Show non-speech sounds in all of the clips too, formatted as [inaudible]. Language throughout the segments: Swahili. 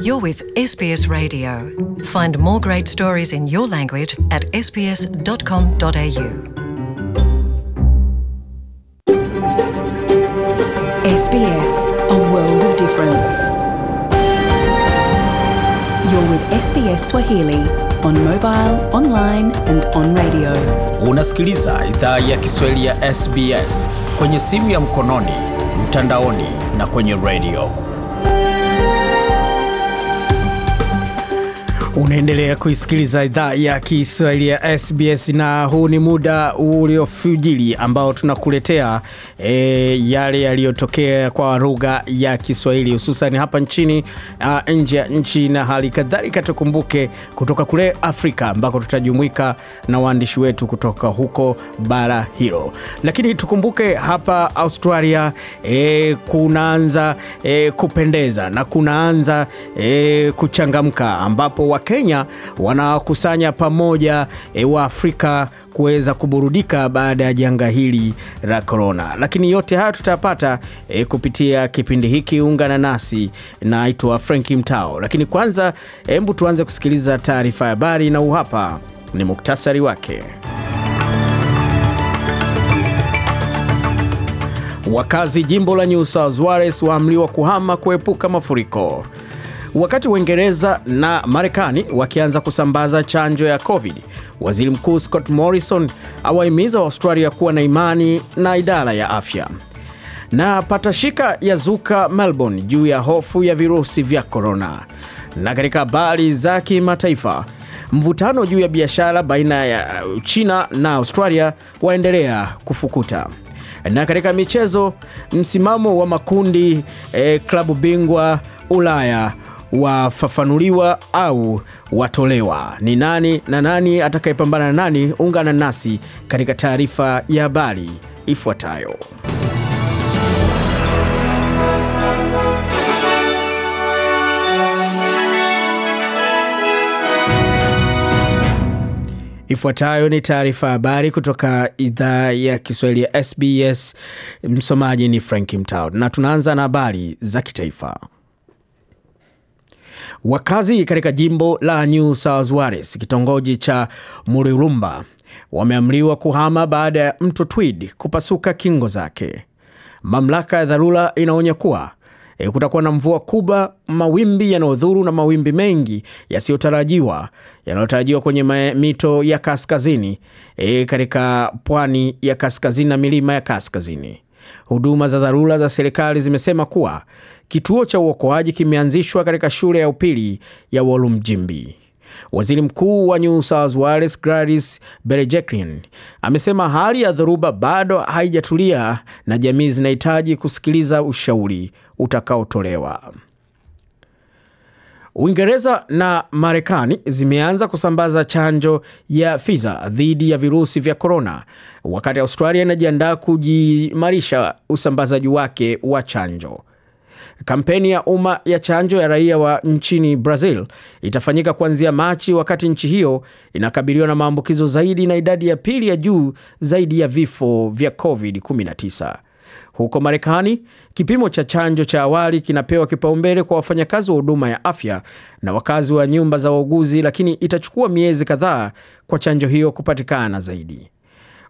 You're with SBS Radio. Find more great stories in your language at sbs.com.au. SBS, a world of difference. You're with SBS Swahili on mobile, online and on radio. Unasikiliza idhaa ya Kiswahili ya SBS kwenye simu ya mkononi, mtandaoni na kwenye radio. Unaendelea kuisikiliza idhaa ya Kiswahili ya SBS na huu ni muda uliofujili ambao tunakuletea e, yale yaliyotokea kwa lugha ya Kiswahili hususan hapa nchini, nje ya nchi na hali kadhalika. Tukumbuke kutoka kule Afrika ambako tutajumuika na waandishi wetu kutoka huko bara hilo, lakini tukumbuke hapa Australia e, kunaanza e, kupendeza na kunaanza e, kuchangamka ambapo kenya wanakusanya pamoja e, wa Afrika kuweza kuburudika baada ya janga hili la korona. Lakini yote haya tutayapata e, kupitia kipindi hiki, ungana nasi. Naitwa Franki Mtao, lakini kwanza hebu tuanze kusikiliza taarifa ya habari, na uhapa ni muktasari wake. Wakazi jimbo la New South Wales waamliwa kuhama kuepuka mafuriko. Wakati Uingereza na Marekani wakianza kusambaza chanjo ya COVID, waziri mkuu Scott Morrison awahimiza Waustralia kuwa na imani na idara ya afya. Na patashika ya zuka Melbourne juu ya hofu ya virusi vya korona. Na katika habari za kimataifa, mvutano juu ya biashara baina ya China na Australia waendelea kufukuta. Na katika michezo, msimamo wa makundi eh, klabu bingwa Ulaya wafafanuliwa au watolewa. Ni nani na nani atakayepambana na nani? Ungana nasi katika taarifa ya habari ifuatayo. Ifuatayo ni taarifa ya habari kutoka idhaa ya Kiswahili ya SBS. Msomaji ni Frank Mtao, na tunaanza na habari za kitaifa. Wakazi katika jimbo la New South Wales, kitongoji cha Murulumba, wameamriwa kuhama baada ya mto Tweed kupasuka kingo zake. Mamlaka ya dharura inaonya kuwa e, kutakuwa na mvua kubwa, mawimbi yanayodhuru na mawimbi mengi yasiyotarajiwa yanayotarajiwa kwenye mito ya kaskazini e, katika pwani ya kaskazini na milima ya kaskazini. Huduma za dharura za serikali zimesema kuwa kituo cha uokoaji kimeanzishwa katika shule ya upili ya Walumjimbi. Waziri Mkuu wa New South Wales Gladys Berejiklian amesema hali ya dhoruba bado haijatulia na jamii zinahitaji kusikiliza ushauri utakaotolewa. Uingereza na Marekani zimeanza kusambaza chanjo ya Pfizer dhidi ya virusi vya korona, wakati Australia inajiandaa kujimarisha usambazaji wake wa chanjo. Kampeni ya umma ya chanjo ya raia wa nchini Brazil itafanyika kuanzia Machi, wakati nchi hiyo inakabiliwa na maambukizo zaidi na idadi ya pili ya juu zaidi ya vifo vya COVID-19. Huko Marekani, kipimo cha chanjo cha awali kinapewa kipaumbele kwa wafanyakazi wa huduma ya afya na wakazi wa nyumba za wauguzi, lakini itachukua miezi kadhaa kwa chanjo hiyo kupatikana zaidi.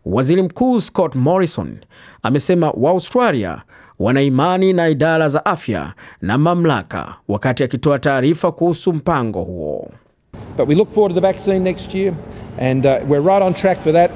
Waziri Mkuu Scott Morrison amesema Waaustralia wana imani na idara za afya na mamlaka, wakati akitoa taarifa kuhusu mpango huo. But we look forward to the vaccine next year and uh, we're right on track for that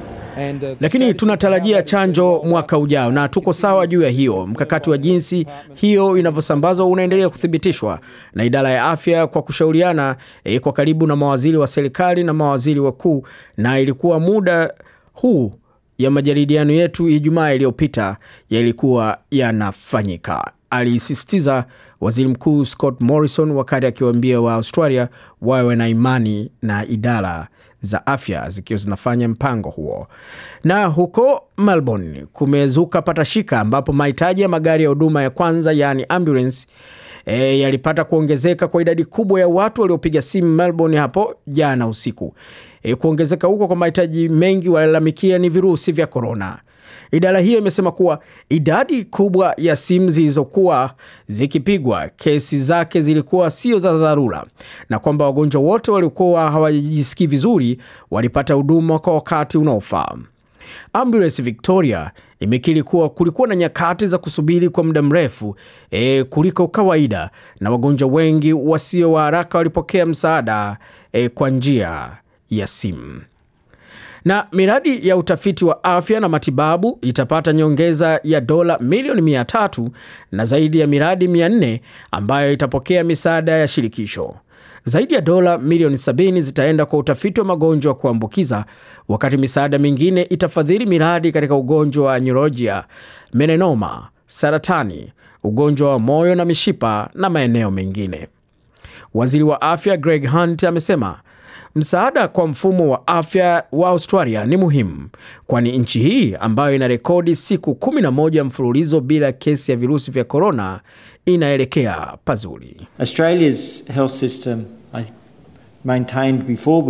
lakini tunatarajia chanjo mwaka ujao na tuko sawa juu ya hiyo. Mkakati wa jinsi hiyo inavyosambazwa unaendelea kuthibitishwa na idara ya afya kwa kushauriana e, kwa karibu na mawaziri wa serikali na mawaziri wakuu, na ilikuwa muda huu ya majadiliano yetu Ijumaa iliyopita yalikuwa yanafanyika, alisisitiza Waziri Mkuu Scott Morrison wakati akiwaambia wa Australia wawe na imani na idara za afya zikiwa zinafanya mpango huo. Na huko Melbourne kumezuka patashika, ambapo mahitaji ya magari ya huduma ya kwanza yaani ambulance E, yalipata kuongezeka kwa idadi kubwa ya watu waliopiga simu Melbourne hapo jana usiku. E, kuongezeka huko kwa mahitaji mengi walalamikia ni virusi vya korona. Idara hiyo imesema kuwa idadi kubwa ya simu zilizokuwa zikipigwa kesi zake zilikuwa sio za dharura na kwamba wagonjwa wote waliokuwa hawajisikii vizuri walipata huduma kwa wakati unaofaa. Ambulance Victoria imekiri kuwa kulikuwa na nyakati za kusubiri kwa muda mrefu e, kuliko kawaida na wagonjwa wengi wasio wa haraka walipokea msaada e, kwa njia ya simu. Na miradi ya utafiti wa afya na matibabu itapata nyongeza ya dola milioni mia tatu na zaidi ya miradi mia nne ambayo itapokea misaada ya shirikisho. Zaidi ya dola milioni sabini zitaenda kwa utafiti wa magonjwa ya kuambukiza wakati misaada mingine itafadhili miradi katika ugonjwa wa nyurojia, menenoma saratani, ugonjwa wa moyo na mishipa na maeneo mengine. Waziri wa afya Greg Hunt amesema Msaada kwa mfumo wa afya wa Australia ni muhimu, kwani nchi hii ambayo ina rekodi siku 11 mfululizo bila kesi ya virusi vya korona inaelekea pazuri. Australia's health system I We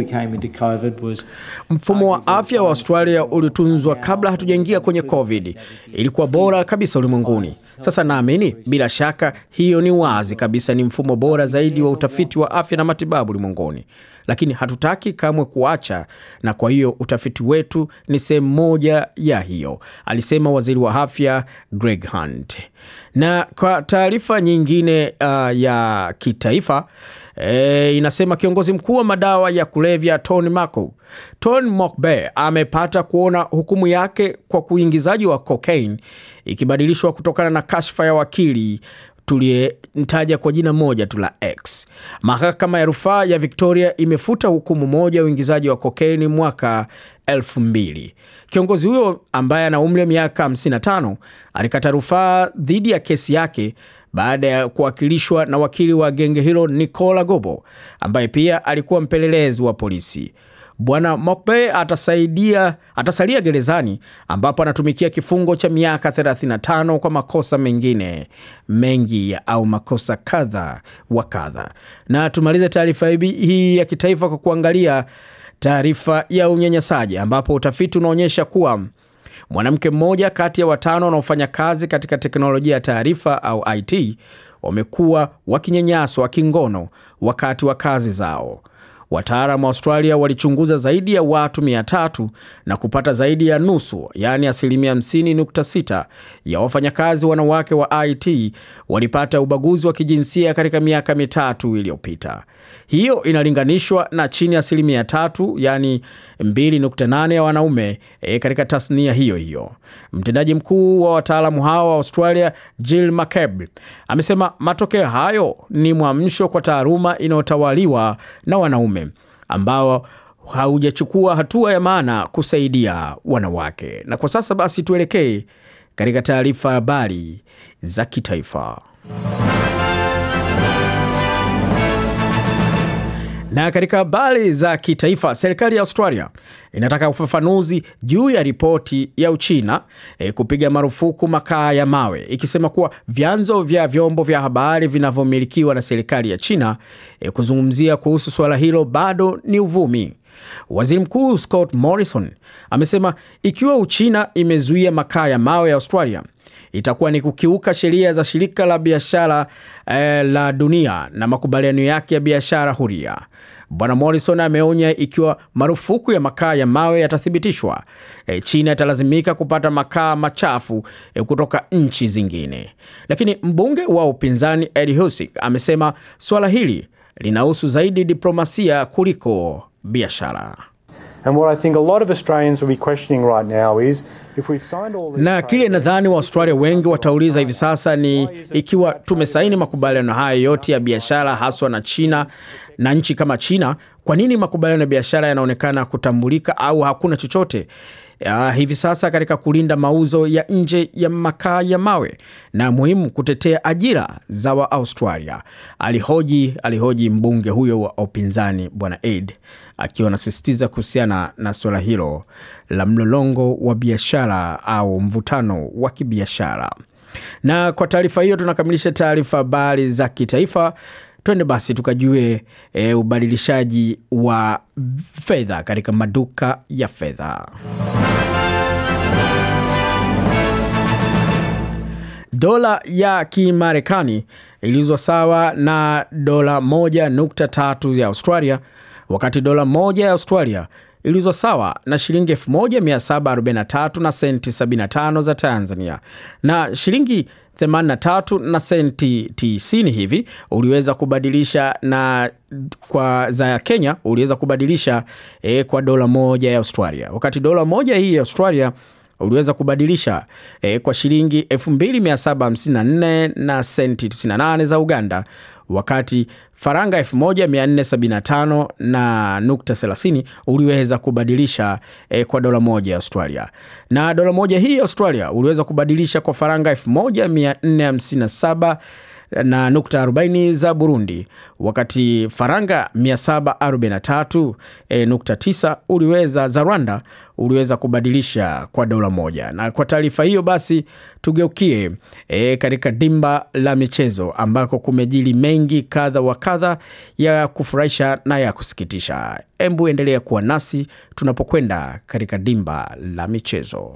came into COVID was... mfumo wa afya wa Australia ulitunzwa kabla hatujaingia kwenye COVID, ilikuwa bora kabisa ulimwenguni. Sasa naamini bila shaka hiyo ni wazi kabisa, ni mfumo bora zaidi wa utafiti wa afya na matibabu ulimwenguni lakini hatutaki kamwe kuacha, na kwa hiyo utafiti wetu ni sehemu moja ya hiyo, alisema waziri wa afya Greg Hunt. Na kwa taarifa nyingine uh, ya kitaifa E, inasema kiongozi mkuu wa madawa ya kulevya Tony Mako Tony Mokbe amepata kuona hukumu yake kwa uingizaji wa cocaine ikibadilishwa kutokana na kashfa ya wakili tuliyemtaja kwa jina moja tu la X. Mahakama ya rufaa ya Victoria imefuta hukumu moja ya uingizaji wa kokeini mwaka mbili. Kiongozi huyo ambaye ana umri wa miaka 55 alikata rufaa dhidi ya kesi yake baada ya kuwakilishwa na wakili wa genge hilo Nicola Gobo ambaye pia alikuwa mpelelezi wa polisi. Bwana Mokbe atasaidia atasalia gerezani ambapo anatumikia kifungo cha miaka 35 kwa makosa mengine mengi au makosa kadha wa kadha. Na tumalize taarifa hii ya kitaifa kwa kuangalia taarifa ya unyanyasaji, ambapo utafiti unaonyesha kuwa mwanamke mmoja kati ya watano wanaofanya kazi katika teknolojia ya taarifa au IT wamekuwa wakinyanyaswa kingono wakati wa kazi zao. Wataalamu wa Australia walichunguza zaidi ya watu 300 na kupata zaidi ya nusu, yaani asilimia 50.6 ya wafanyakazi wanawake wa IT walipata ubaguzi wa kijinsia katika miaka mitatu iliyopita. Hiyo inalinganishwa na chini ya asilimia tatu, yaani 2.8 ya wanaume e, katika tasnia hiyo hiyo. Mtendaji mkuu wa wataalamu hawa wa Australia Jill McCabe amesema matokeo hayo ni mwamsho kwa taaluma inayotawaliwa na wanaume ambao haujachukua hatua ya maana kusaidia wanawake. Na kwa sasa basi tuelekee katika taarifa habari za kitaifa. Na katika habari za kitaifa, serikali ya Australia inataka ufafanuzi juu ya ripoti ya Uchina e, kupiga marufuku makaa ya mawe, ikisema kuwa vyanzo vya vyombo vya habari vinavyomilikiwa na serikali ya China e, kuzungumzia kuhusu suala hilo bado ni uvumi. Waziri Mkuu Scott Morrison amesema ikiwa Uchina imezuia makaa ya mawe ya Australia, itakuwa ni kukiuka sheria za shirika la biashara eh, la dunia na makubaliano yake ya biashara huria. Bwana Morrison ameonya ikiwa marufuku ya makaa ya mawe yatathibitishwa, e, China italazimika kupata makaa machafu e, kutoka nchi zingine. Lakini mbunge wa upinzani Ed Husic amesema suala hili linahusu zaidi diplomasia kuliko biashara. Na kile nadhani wa Australia wengi watauliza hivi sasa ni ikiwa tumesaini makubaliano haya yote ya biashara haswa na China na nchi kama China, kwa nini makubaliano ya biashara yanaonekana kutambulika au hakuna chochote? ya hivi sasa katika kulinda mauzo ya nje ya makaa ya mawe na muhimu kutetea ajira za Waaustralia, alihoji alihoji mbunge huyo wa upinzani Bwana Aid akiwa anasisitiza kuhusiana na suala hilo la mlolongo wa biashara au mvutano wa kibiashara. Na kwa taarifa hiyo tunakamilisha taarifa habari za kitaifa. Twende basi tukajue e, ubadilishaji wa fedha katika maduka ya fedha. Dola ya Kimarekani ilizwa sawa na dola 1.3 ya Australia, wakati dola moja ya Australia ilizwa sawa na shilingi 1743 na senti 75 za Tanzania na shilingi 83 na senti 90 hivi uliweza kubadilisha na kwa za ya Kenya uliweza kubadilisha eh, kwa dola moja ya Australia, wakati dola moja hii ya Australia uliweza kubadilisha eh, kwa shilingi 2754 na senti 98 za Uganda wakati faranga 1475 na nukta 30 uliweza kubadilisha e, kwa dola moja ya Australia, na dola moja hii ya Australia uliweza kubadilisha kwa faranga 1457 na nukta 40 za Burundi, wakati faranga 743 e, nukta 9 uliweza za Rwanda uliweza kubadilisha kwa dola moja. Na kwa taarifa hiyo basi tugeukie e, katika dimba la michezo ambako kumejili mengi kadha wa kadha ya kufurahisha na ya kusikitisha. Embu endelea kuwa nasi tunapokwenda katika dimba la michezo.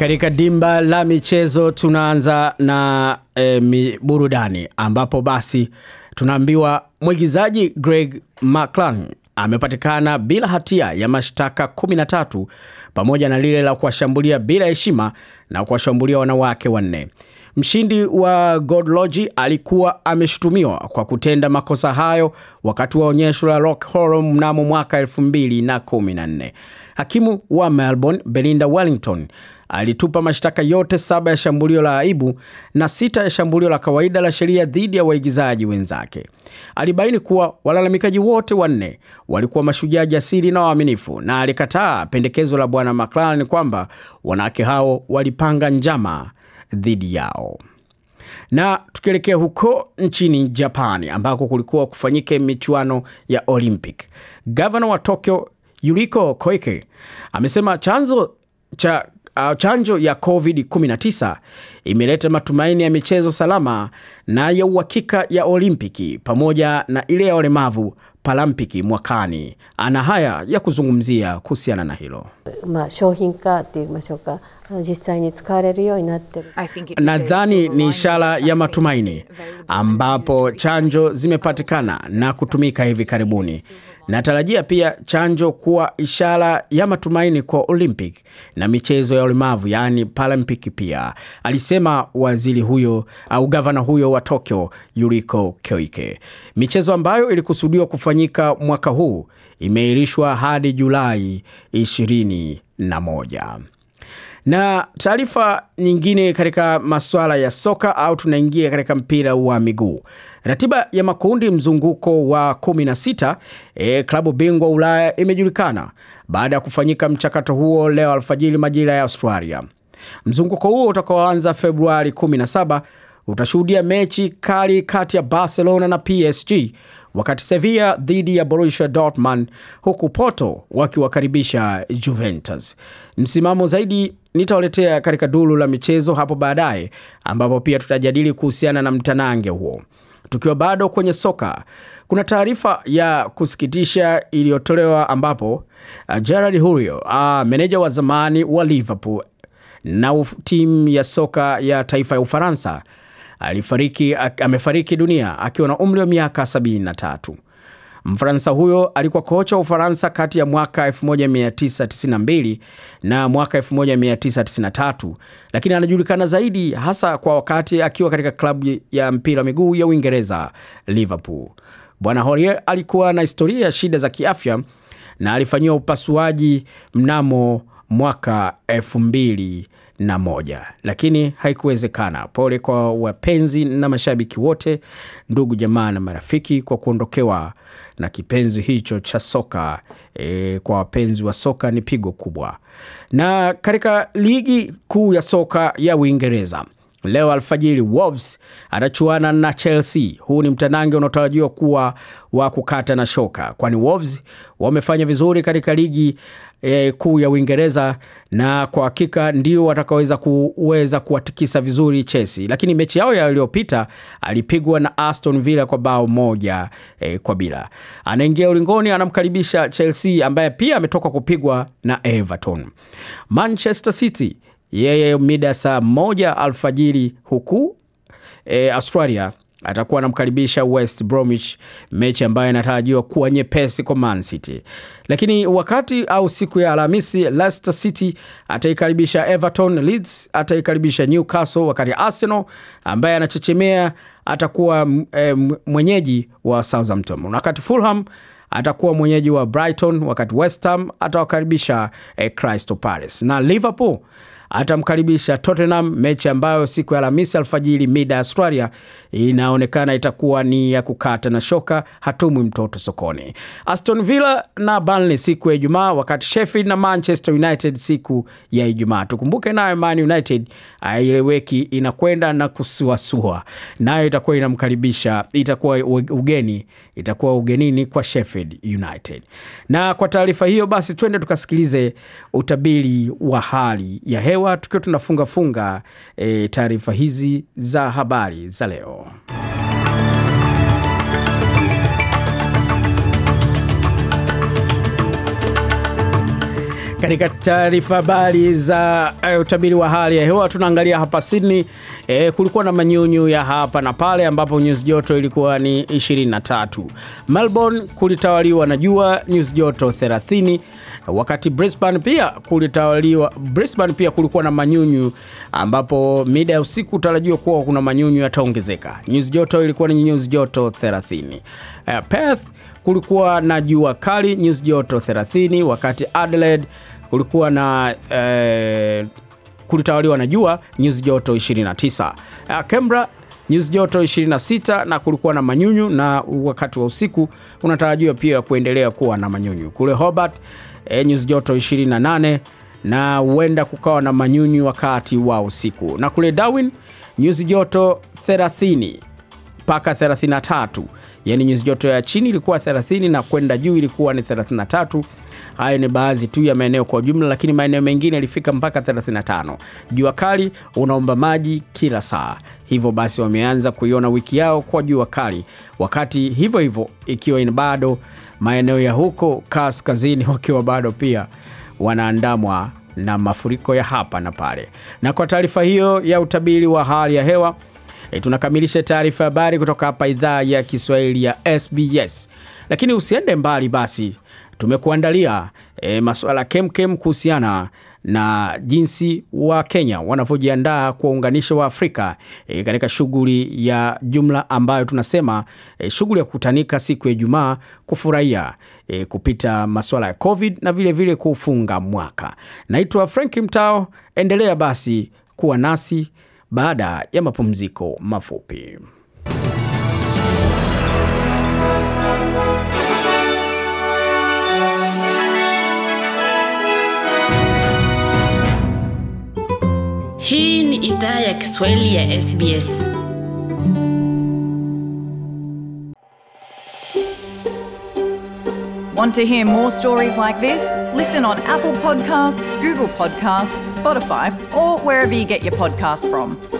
Katika dimba la michezo tunaanza na e, burudani ambapo basi tunaambiwa mwigizaji Greg mclan amepatikana bila hatia ya mashtaka 13 pamoja na lile la kuwashambulia bila heshima na kuwashambulia wanawake wanne. Mshindi wa Godlogi alikuwa ameshutumiwa kwa kutenda makosa hayo wakati wa onyesho la Rock Horror mnamo mwaka 2014. Hakimu wa Melbourne Belinda Wellington alitupa mashtaka yote saba ya shambulio la aibu na sita ya shambulio la kawaida la sheria dhidi ya waigizaji wenzake. Alibaini kuwa walalamikaji wote wanne walikuwa mashujaa jasiri na waaminifu, na alikataa pendekezo la Bwana McLaren kwamba wanawake hao walipanga njama dhidi yao. Na tukielekea huko nchini Japani ambako kulikuwa kufanyike michuano ya Olympic, gavana wa Tokyo Yuriko Koike amesema chanzo cha uh, chanjo ya COVID-19 imeleta matumaini ya michezo salama na ya uhakika ya Olimpiki pamoja na ile ya walemavu palampiki mwakani. Ana haya ya kuzungumzia kuhusiana na hilo. Uh, Nadhani ni ishara ya matumaini ambapo chanjo zimepatikana na kutumika hivi karibuni. Natarajia pia chanjo kuwa ishara ya matumaini kwa Olympic na michezo ya ulemavu yaani Paralympic pia, alisema waziri huyo au gavana huyo wa Tokyo Yuriko Koike. Michezo ambayo ilikusudiwa kufanyika mwaka huu imeahirishwa hadi Julai 21 na taarifa nyingine katika masuala ya soka au tunaingia katika mpira wa miguu. Ratiba ya makundi mzunguko wa 16 e, klabu bingwa Ulaya imejulikana baada ya kufanyika mchakato huo leo alfajiri majira ya Australia. Mzunguko huo utakaoanza Februari 17 utashuhudia mechi kali kati ya Barcelona na PSG, wakati Sevilla dhidi ya Borussia Dortmund, huku Porto wakiwakaribisha Juventus. Msimamo zaidi nitawaletea katika duru la michezo hapo baadaye, ambapo pia tutajadili kuhusiana na mtanange huo. Tukiwa bado kwenye soka, kuna taarifa ya kusikitisha iliyotolewa ambapo uh, Gerard uh, meneja wa zamani wa Liverpool na timu ya soka ya taifa ya Ufaransa, alifariki amefariki dunia akiwa na umri wa miaka 73. Mfaransa huyo alikuwa kocha wa Ufaransa kati ya mwaka 1992 na mwaka 1993, lakini anajulikana zaidi hasa kwa wakati akiwa katika klabu ya mpira wa miguu ya Uingereza Liverpool. Bwana Horie alikuwa na historia ya shida za kiafya na alifanyiwa upasuaji mnamo mwaka 2000 na moja, lakini haikuwezekana. Pole kwa wapenzi na mashabiki wote, ndugu jamaa na marafiki kwa kuondokewa na kipenzi hicho cha soka. E, kwa wapenzi wa soka ni pigo kubwa. Na katika ligi kuu ya soka ya Uingereza Leo alfajiri Wolves anachuana na Chelsea. Huu ni mtanange unaotarajiwa kuwa wa kukata na shoka, kwani Wolves wamefanya vizuri katika ligi e, kuu ya Uingereza, na kwa hakika ndio watakaweza kuweza kuwatikisa vizuri Chelsea. Lakini mechi yao yaliyopita alipigwa na Aston Villa kwa bao moja e, kwa bila. Anaingia ulingoni, anamkaribisha Chelsea ambaye pia ametoka kupigwa na Everton. Manchester City yeye mida saa moja alfajiri huku e, Australia atakuwa anamkaribisha West Bromwich, mechi ambayo inatarajiwa kuwa nyepesi kwa Man City. Lakini wakati au siku ya Alhamisi, Leicester City ataikaribisha Everton, Leeds ataikaribisha Newcastle, wakati Arsenal ambaye anachechemea atakuwa e, mwenyeji wa Southampton, wakati Fulham atakuwa mwenyeji wa Brighton, wakati West Ham atawakaribisha e, Crystal Palace na Liverpool atamkaribisha Tottenham, mechi ambayo siku ya Alhamisi alfajiri mida ya Australia inaonekana itakuwa ni ya kukata na shoka, hatumwi mtoto sokoni. Aston Villa na Burnley siku ya Ijumaa, wakati Sheffield na Manchester United siku ya Ijumaa. Tukumbuke nayo Man United ile weki inakwenda na kusuasua, nayo itakuwa inamkaribisha, itakuwa ugeni itakuwa ugenini kwa Sheffield United. Na kwa taarifa hiyo basi, twende tukasikilize utabiri wa hali ya hewa tukiwa tunafungafunga e, eh, taarifa hizi za habari za leo. Katika taarifa habari za uh, utabiri wa hali ya hewa tunaangalia hapa Sydney. eh, kulikuwa na manyunyu ya hapa na pale ambapo nyuzi joto ilikuwa ni 23. Melbourne kulitawaliwa na jua nyuzi joto 30, wakati Brisbane pia kulitawaliwa. Brisbane pia kulikuwa na manyunyu ambapo mida ya usiku tarajiwa kuwa kuna manyunyu yataongezeka. Nyuzi joto ilikuwa ni nyuzi joto 30. Uh, eh, Perth kulikuwa na jua kali nyuzi joto 30, wakati Adelaide ulikuwa na eh, kulitawaliwa na jua nyuzi joto 29. kembra ah, nyuzi joto 26 na kulikuwa na manyunyu, na wakati wa usiku unatarajiwa pia kuendelea kuwa na manyunyu. Kule Hobart eh, nyuzi joto 28 na huenda kukawa na manyunyu wakati wa usiku. Na kule Darwin nyuzi joto 30 mpaka 33, yani nyuzi joto ya chini ilikuwa 30 na kwenda juu ilikuwa ni 33 Hayo ni baadhi tu ya maeneo kwa ujumla, lakini maeneo mengine yalifika mpaka 35. Jua kali, unaomba maji kila saa. Hivyo basi wameanza kuiona wiki yao kwa jua kali, wakati hivyo hivyo ikiwa bado maeneo ya huko kaskazini [laughs] wakiwa bado pia wanaandamwa na mafuriko ya hapa na pale. Na kwa taarifa hiyo ya utabiri wa hali ya hewa e, tunakamilisha taarifa habari kutoka hapa idhaa ya Kiswahili ya SBS, lakini usiende mbali basi tumekuandalia e, masuala kemkem kuhusiana na jinsi wa Kenya wanavyojiandaa kuwaunganisha Afrika e, katika shughuli ya jumla ambayo tunasema e, shughuli ya kukutanika siku ya Ijumaa kufurahia e, kupita masuala ya COVID na vilevile vile kufunga mwaka. Naitwa Frank Mtao, endelea basi kuwa nasi baada ya mapumziko mafupi. Hii ni idhaa ya Kiswahili ya SBS. Want to hear more stories like this? Listen on Apple Podcasts, Google Podcasts, Spotify, or wherever you get your podcasts from.